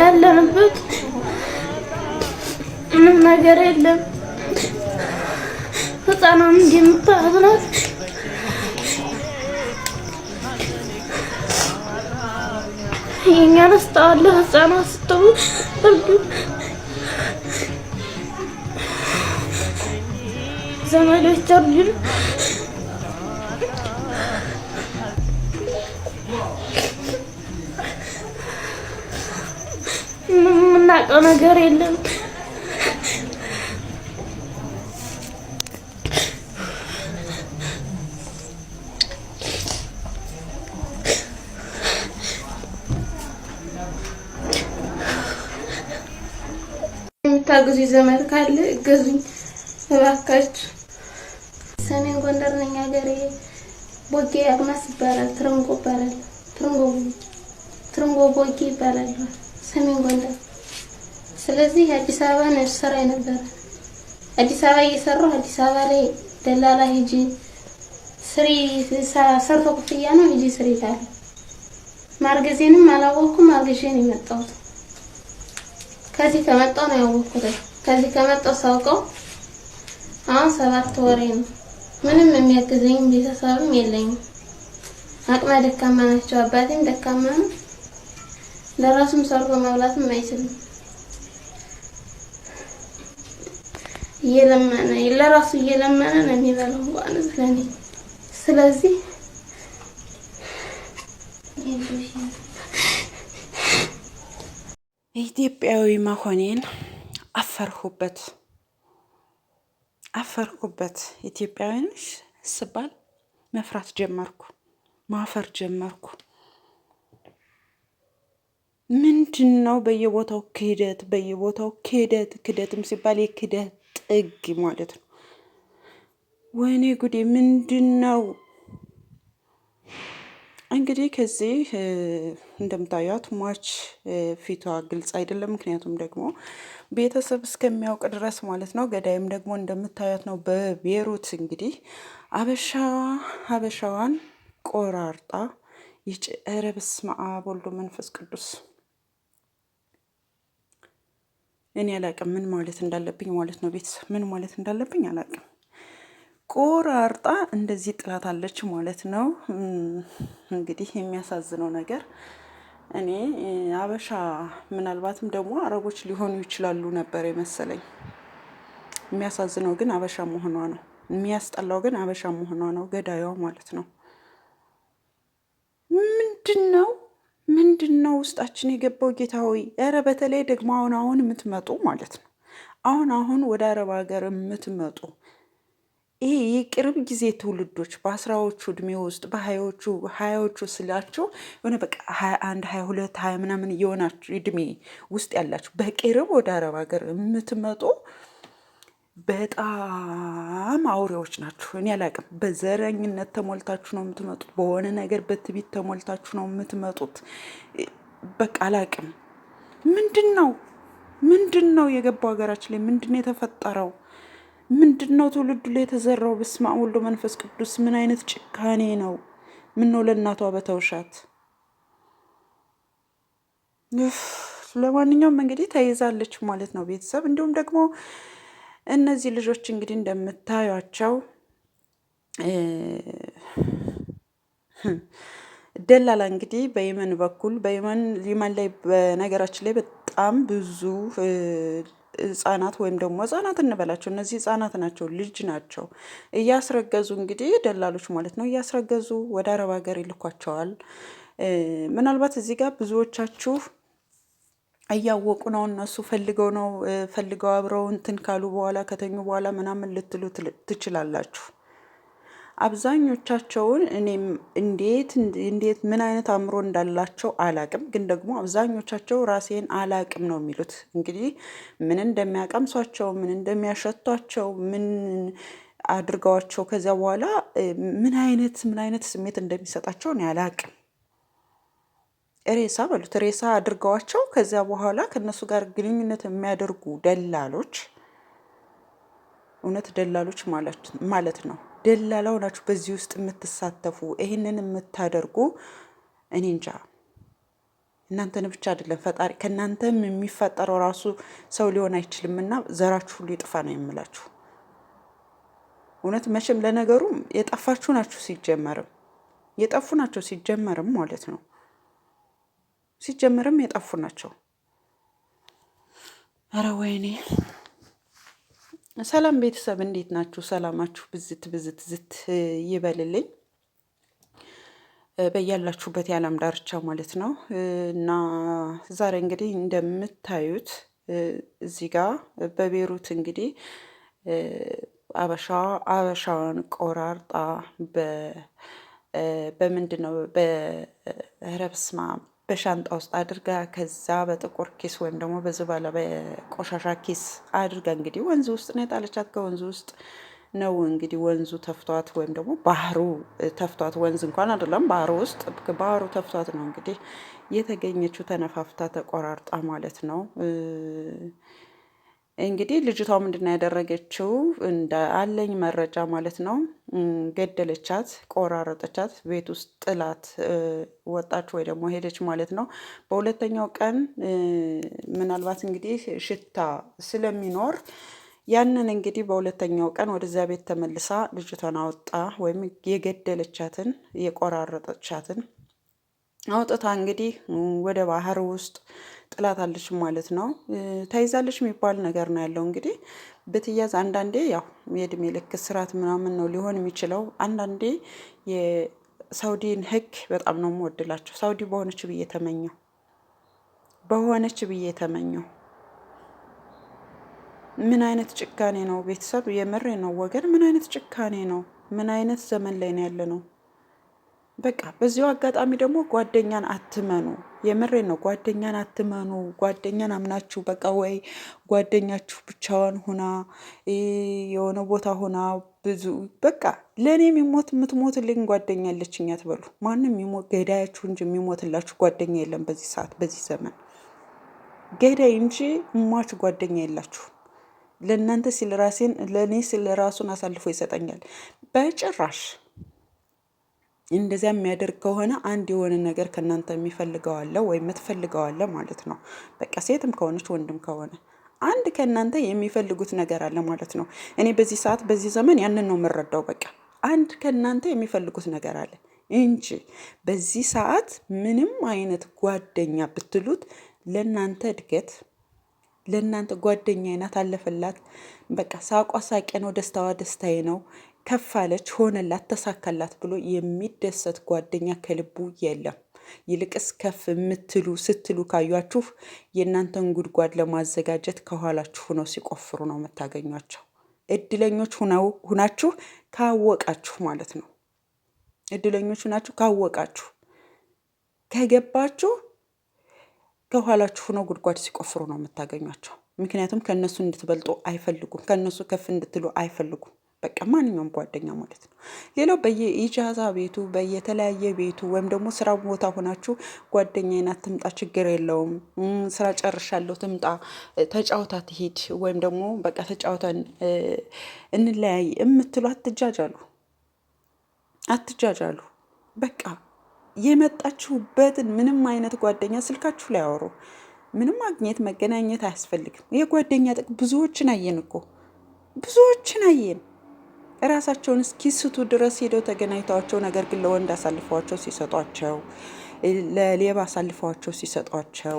ያለንበት ምንም ነገር የለም። ህፃናን እንደምታዝናት የእኛን አስተዋለ ህፃናት ስትሙት ዘመዶች ተርጅን የማላውቀው ነገር የለም። ታግዙ ዘመድ ካለ እገዙኝ እባካችሁ። ሰሜን ጎንደር ነኝ። ሀገሬ ቦጌ አግማስ ይባላል። ትርንጎ ይባላል። ትርንጎ ቦጌ ይባላል። ሰሜን ጎንደር ስለዚህ አዲስ አበባ ነው ሰራ የነበረ። አዲስ አበባ እየሰራሁ አዲስ አበባ ላይ ደላላ ሂጂ ስሪ ሰርቶ ክፍያ ነው ሂጂ ስሪ ካለ ማርገዜንም አላወቅኩም። ማርገዜን ነው የመጣሁት። ከዚህ ከመጣሁ ነው ያወቅኩት። ከዚህ ከመጣሁ ሳውቀው አሁን ሰባት ወሬ ነው። ምንም የሚያግዘኝም ቤተሰብም የለኝም። አቅመ ደካማ ናቸው። አባቴም ደካማ ነው። ለራሱም ሰርቶ መብላትም አይችልም። እየለመነ ለራሱ እየለመነ ነው የሚበላው ማለት ለኔ። ስለዚህ ኢትዮጵያዊ መሆኔን አፈርሁበት፣ አፈርሁበት። ኢትዮጵያዊንሽ ስባል መፍራት ጀመርኩ፣ ማፈር ጀመርኩ። ምንድን ነው በየቦታው ክህደት፣ በየቦታው ክህደት። ክህደትም ሲባል የክህደት ጥግ ማለት ነው። ወይኔ ጉዴ ምንድን ነው እንግዲህ ከዚህ እንደምታዩት ማች ፊቷ ግልጽ አይደለም። ምክንያቱም ደግሞ ቤተሰብ እስከሚያውቅ ድረስ ማለት ነው። ገዳይም ደግሞ እንደምታዩት ነው። በቤሩት እንግዲህ አበሻዋ አበሻዋን ቆራርጣ ይጭ ረብስ በስመ መንፈስ ቅዱስ እኔ አላቅም ምን ማለት እንዳለብኝ ማለት ነው። ቤተሰብ ምን ማለት እንዳለብኝ አላቅም። ቆራርጣ እንደዚህ ጥላት አለች ማለት ነው። እንግዲህ የሚያሳዝነው ነገር እኔ አበሻ ምናልባትም ደግሞ አረቦች ሊሆኑ ይችላሉ ነበር የመሰለኝ። የሚያሳዝነው ግን አበሻ መሆኗ ነው። የሚያስጠላው ግን አበሻ መሆኗ ነው። ገዳያዋ ማለት ነው ምንድን ነው ምንድን ነው ውስጣችን የገባው ጌታ ሆይ? ኧረ በተለይ ደግሞ አሁን አሁን የምትመጡ ማለት ነው አሁን አሁን ወደ አረብ ሀገር የምትመጡ ይሄ የቅርብ ጊዜ ትውልዶች በአስራዎቹ እድሜ ውስጥ በሀያዎቹ ሀያዎቹ ስላቸው የሆነ በቃ ሀያ አንድ ሀያ ሁለት ሀያ ምናምን የሆናችሁ እድሜ ውስጥ ያላችሁ በቅርብ ወደ አረብ ሀገር የምትመጡ በጣም አውሬዎች ናችሁ። እኔ አላቅም። በዘረኝነት ተሞልታችሁ ነው የምትመጡት። በሆነ ነገር በትቢት ተሞልታችሁ ነው የምትመጡት። በቃ አላቅም። ምንድን ነው ምንድን ነው የገባው ሀገራችን ላይ ምንድን ነው የተፈጠረው? ምንድን ነው ትውልዱ ላይ የተዘራው? በስመ አብ ወወልድ ወመንፈስ ቅዱስ። ምን አይነት ጭካኔ ነው? ነው ለእናቷ በተውሻት። ለማንኛውም እንግዲህ ተይዛለች ማለት ነው ቤተሰብ እንዲሁም ደግሞ እነዚህ ልጆች እንግዲህ እንደምታዩቸው ደላላ እንግዲህ በየመን በኩል በየመን ሊመን ላይ በነገራችን ላይ በጣም ብዙ ህጻናት ወይም ደግሞ ህጻናት እንበላቸው እነዚህ ህጻናት ናቸው፣ ልጅ ናቸው። እያስረገዙ እንግዲህ ደላሎች ማለት ነው እያስረገዙ ወደ አረብ ሀገር ይልኳቸዋል። ምናልባት እዚህ ጋር ብዙዎቻችሁ እያወቁ ነው እነሱ ፈልገው ነው ፈልገው አብረው እንትን ካሉ በኋላ ከተኙ በኋላ ምናምን ልትሉ ትችላላችሁ። አብዛኞቻቸውን እኔም እንዴት እንዴት ምን አይነት አእምሮ እንዳላቸው አላቅም፣ ግን ደግሞ አብዛኞቻቸው ራሴን አላቅም ነው የሚሉት። እንግዲህ ምን እንደሚያቀምሷቸው ምን እንደሚያሸቷቸው ምን አድርገዋቸው ከዚያ በኋላ ምን አይነት ምን አይነት ስሜት እንደሚሰጣቸው እኔ አላቅም። ሬሳ በሉት ሬሳ አድርገዋቸው ከዚያ በኋላ ከእነሱ ጋር ግንኙነት የሚያደርጉ ደላሎች እውነት ደላሎች ማለት ነው። ደላላው ናችሁ። በዚህ ውስጥ የምትሳተፉ ይህንን የምታደርጉ እኔ እንጃ እናንተን ብቻ አይደለም ፈጣሪ ከእናንተም የሚፈጠረው ራሱ ሰው ሊሆን አይችልም። እና ዘራችሁ ሁሉ ይጥፋ ነው የምላችሁ። እውነት መቼም ለነገሩም የጠፋችሁ ናችሁ ሲጀመርም የጠፉ ናቸው ሲጀመርም ማለት ነው። ሲጀመርም የጠፉ ናቸው። ኧረ ወይኔ። ሰላም ቤተሰብ እንዴት ናችሁ? ሰላማችሁ ብዝት ብዝት ዝት ይበልልኝ በያላችሁበት የዓለም ዳርቻ ማለት ነው። እና ዛሬ እንግዲህ እንደምታዩት እዚህ ጋ በቤሩት እንግዲህ አበሻ አበሻን ቆራርጣ በምንድን ነው በረብስማ በሻንጣ ውስጥ አድርጋ ከዛ በጥቁር ኪስ ወይም ደግሞ ባለ በቆሻሻ ኪስ አድርጋ እንግዲህ ወንዝ ውስጥ ነው የጣለቻት። ከወንዝ ውስጥ ነው እንግዲህ ወንዙ ተፍቷት ወይም ደግሞ ባህሩ ተፍቷት፣ ወንዝ እንኳን አይደለም ባህሩ ውስጥ ባህሩ ተፍቷት ነው እንግዲህ የተገኘችው ተነፋፍታ ተቆራርጣ ማለት ነው። እንግዲህ ልጅቷ ምንድን ያደረገችው እንደ አለኝ መረጃ ማለት ነው፣ ገደለቻት፣ ቆራረጠቻት፣ ቤት ውስጥ ጥላት ወጣች ወይ ደግሞ ሄደች ማለት ነው። በሁለተኛው ቀን ምናልባት እንግዲህ ሽታ ስለሚኖር ያንን እንግዲህ በሁለተኛው ቀን ወደዚያ ቤት ተመልሳ ልጅቷን አወጣ ወይም የገደለቻትን የቆራረጠቻትን አውጥታ እንግዲህ ወደ ባህር ውስጥ ጥላታለች ማለት ነው። ተይዛለች የሚባል ነገር ነው ያለው። እንግዲህ ብትያዝ አንዳንዴ ያው የእድሜ ልክ እስራት ምናምን ነው ሊሆን የሚችለው። አንዳንዴ የሳውዲን ህግ በጣም ነው የምወድላቸው። ሳውዲ በሆነች ብዬ ተመኘው በሆነች ብዬ ተመኘው። ምን አይነት ጭካኔ ነው ቤተሰብ? የምሬ ነው ወገን። ምን አይነት ጭካኔ ነው? ምን አይነት ዘመን ላይ ነው ያለ ነው? በቃ በዚሁ አጋጣሚ ደግሞ ጓደኛን አትመኑ። የምሬ ነው። ጓደኛን አትመኑ። ጓደኛን አምናችሁ በቃ ወይ ጓደኛችሁ ብቻዋን ሁና የሆነ ቦታ ሁና ብዙ በቃ ለእኔ የሚሞት የምትሞትልኝ ጓደኛ ያለችኝ አትበሉ። ማንም ገዳያችሁ እንጂ የሚሞትላችሁ ጓደኛ የለም። በዚህ ሰዓት በዚህ ዘመን ገዳይ እንጂ እሟች ጓደኛ የላችሁ። ለእናንተ ሲል ራሴን ለእኔ ሲል ራሱን አሳልፎ ይሰጠኛል በጭራሽ እንደዚያ የሚያደርግ ከሆነ አንድ የሆነ ነገር ከእናንተ የሚፈልገዋለ ወይም የምትፈልገዋለ ማለት ነው። በቃ ሴትም ከሆነች ወንድም ከሆነ አንድ ከእናንተ የሚፈልጉት ነገር አለ ማለት ነው። እኔ በዚህ ሰዓት በዚህ ዘመን ያንን ነው የምረዳው። በቃ አንድ ከእናንተ የሚፈልጉት ነገር አለ እንጂ በዚህ ሰዓት ምንም አይነት ጓደኛ ብትሉት ለእናንተ እድገት ለእናንተ ጓደኛ አይነት አለፈላት፣ በቃ ሳቋ ሳቄ ነው፣ ደስታዋ ደስታዬ ነው ከፍ አለች፣ ሆነላት፣ ተሳካላት ብሎ የሚደሰት ጓደኛ ከልቡ የለም። ይልቅስ ከፍ የምትሉ ስትሉ ካያችሁ የእናንተን ጉድጓድ ለማዘጋጀት ከኋላችሁ ሆነው ሲቆፍሩ ነው የምታገኟቸው። እድለኞች ሁናችሁ ካወቃችሁ ማለት ነው። እድለኞች ሁናችሁ ካወቃችሁ፣ ከገባችሁ ከኋላችሁ ሆነው ጉድጓድ ሲቆፍሩ ነው የምታገኟቸው። ምክንያቱም ከእነሱ እንድትበልጡ አይፈልጉም። ከእነሱ ከፍ እንድትሉ አይፈልጉም። በቃ ማንኛውም ጓደኛ ማለት ነው። ሌላው በየኢጃዛ ቤቱ በየተለያየ ቤቱ ወይም ደግሞ ስራ ቦታ ሆናችሁ ጓደኛዬ ናት ትምጣ፣ ችግር የለውም ስራ ጨርሻለሁ ትምጣ፣ ተጫውታ ትሄድ ወይም ደግሞ በቃ ተጫውተን እንለያይ የምትሉ አትጃጃሉ፣ አትጃጃሉ። በቃ የመጣችሁበትን ምንም አይነት ጓደኛ ስልካችሁ ላይ አውሩ። ምንም ማግኘት መገናኘት አያስፈልግም። የጓደኛ ጥቅ ብዙዎችን አየን እኮ ብዙዎችን አየን። እራሳቸውን እስኪስቱ ድረስ ሄደው ተገናኝተዋቸው፣ ነገር ግን ለወንድ አሳልፈዋቸው ሲሰጧቸው፣ ለሌባ አሳልፈዋቸው ሲሰጧቸው፣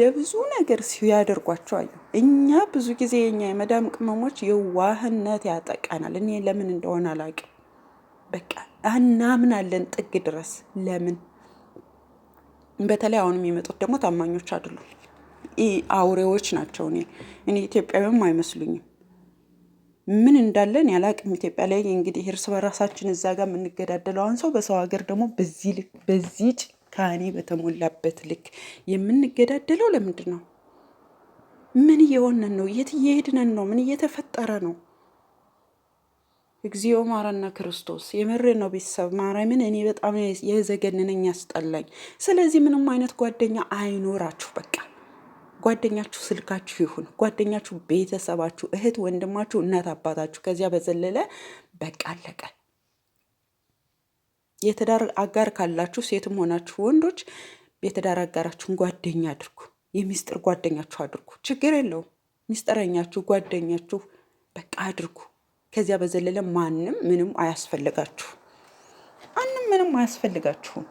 ለብዙ ነገር ሲያደርጓቸው አየሁ። እኛ ብዙ ጊዜ የኛ የመዳም ቅመሞች የዋህነት ያጠቃናል። እኔ ለምን እንደሆነ አላውቅም። በቃ እናምናለን ጥግ ድረስ ለምን በተለይ አሁን የሚመጡት ደግሞ ታማኞች አይደሉም፣ አውሬዎች ናቸው። እኔ እኔ ኢትዮጵያዊም አይመስሉኝም። ምን እንዳለን ያላቅም ኢትዮጵያ ላይ እንግዲህ እርስ በራሳችን እዛ ጋር የምንገዳደለውን ሰው በሰው ሀገር ደግሞ በዚህ ልክ በዚህ ጭካኔ በተሞላበት ልክ የምንገዳደለው ለምንድን ነው? ምን እየሆነን ነው? የት እየሄድነን ነው? ምን እየተፈጠረ ነው? እግዚኦ ማረነ ክርስቶስ። የምሬ ነው ቤተሰብ ማርያምን። እኔ በጣም የዘገንነኝ ያስጠላኝ። ስለዚህ ምንም አይነት ጓደኛ አይኖራችሁ በቃ ጓደኛችሁ ስልካችሁ ይሁን፣ ጓደኛችሁ ቤተሰባችሁ፣ እህት ወንድማችሁ፣ እናት አባታችሁ። ከዚያ በዘለለ በቃ አለቀ። የትዳር አጋር ካላችሁ ሴትም ሆናችሁ ወንዶች የትዳር አጋራችሁን ጓደኛ አድርጉ፣ የሚስጥር ጓደኛችሁ አድርጉ። ችግር የለውም። ሚስጥረኛችሁ ጓደኛችሁ በቃ አድርጉ። ከዚያ በዘለለ ማንም ምንም አያስፈልጋችሁ። አንም ምንም አያስፈልጋችሁም።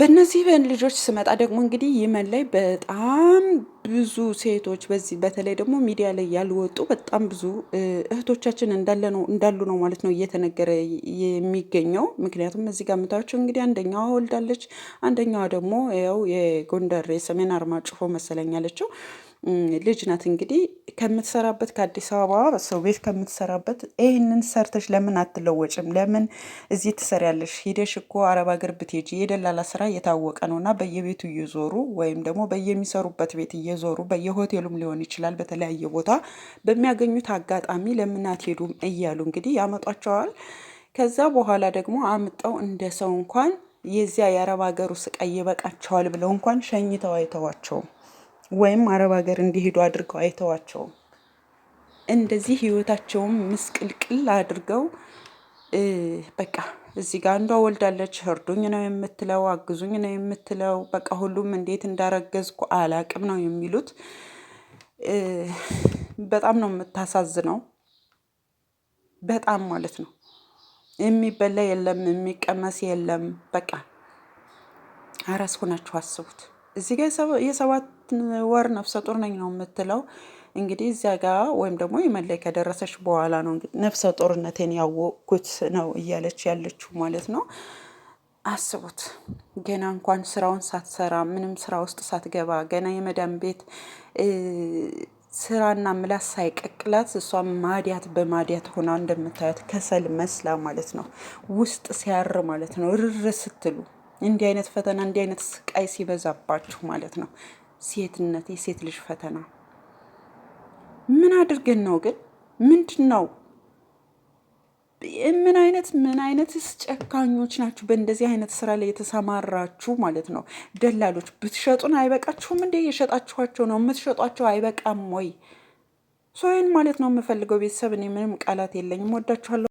በእነዚህ ልጆች ስመጣ ደግሞ እንግዲህ የመን ላይ በጣም ብዙ ሴቶች በዚህ በተለይ ደግሞ ሚዲያ ላይ ያልወጡ በጣም ብዙ እህቶቻችን እንዳለ ነው እንዳሉ ነው ማለት ነው እየተነገረ የሚገኘው። ምክንያቱም እዚህ ጋር የምታዩቸው እንግዲህ አንደኛዋ ወልዳለች፣ አንደኛዋ ደግሞ ያው የጎንደር የሰሜን አርማጭሆ መሰለኝ ያለችው ልጅ ናት እንግዲህ ከምትሰራበት ከአዲስ አበባ ሰው ቤት ከምትሰራበት ይህንን ሰርተሽ ለምን አትለወጭም? ለምን እዚህ ትሰሪያለሽ? ሂደሽ እኮ አረብ ሀገር ብትሄጂ የደላላ ስራ እየታወቀ ነው እና በየቤቱ እየዞሩ ወይም ደግሞ በየሚሰሩበት ቤት እየዞሩ በየሆቴሉም ሊሆን ይችላል በተለያየ ቦታ በሚያገኙት አጋጣሚ ለምን አትሄዱም እያሉ እንግዲህ ያመጧቸዋል። ከዛ በኋላ ደግሞ አምጠው እንደ ሰው እንኳን የዚያ የአረብ ሀገሩ ስቃይ ይበቃቸዋል ብለው እንኳን ሸኝተው አይተዋቸውም። ወይም አረብ ሀገር እንዲሄዱ አድርገው አይተዋቸውም። እንደዚህ ህይወታቸውም ምስቅልቅል አድርገው በቃ እዚህ ጋር አንዷ ወልዳለች፣ እርዱኝ ነው የምትለው፣ አግዙኝ ነው የምትለው። በቃ ሁሉም እንዴት እንዳረገዝኩ አላቅም ነው የሚሉት። በጣም ነው የምታሳዝነው፣ በጣም ማለት ነው። የሚበላ የለም የሚቀመስ የለም። በቃ አራስ ሆናችሁ አስቡት እዚህ ጋር የሰባት ወር ነፍሰ ጡር ነኝ ነው የምትለው። እንግዲህ እዚያ ጋ ወይም ደግሞ የመን ላይ ከደረሰች በኋላ ነው ነፍሰ ጡርነቴን ያወቅኩት ነው እያለች ያለችው ማለት ነው። አስቡት ገና እንኳን ስራውን ሳትሰራ ምንም ስራ ውስጥ ሳትገባ ገና የመዳን ቤት ስራና ምላስ ሳይቀቅላት እሷ ማዲያት በማዲያት ሆና እንደምታያት ከሰል መስላ ማለት ነው። ውስጥ ሲያር ማለት ነው። ርር ስትሉ እንዲህ አይነት ፈተና እንዲህ አይነት ስቃይ ሲበዛባችሁ ማለት ነው ሴትነት፣ የሴት ልጅ ፈተና ምን አድርገን ነው ግን? ምንድን ነው? ምን አይነት ምን አይነትስ ጨካኞች ናችሁ? በእንደዚህ አይነት ስራ ላይ የተሰማራችሁ ማለት ነው። ደላሎች ብትሸጡን አይበቃችሁም እንዴ? የሸጣችኋቸው ነው የምትሸጧቸው አይበቃም ወይ? ሶይን ማለት ነው የምፈልገው ቤተሰብ። እኔ ምንም ቃላት የለኝም። ወዳችኋለሁ።